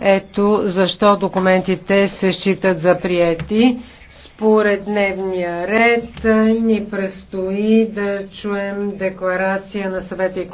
Ето защо документите се считат за приети. Според дневния ред ни предстои да чуем декларация на съвета и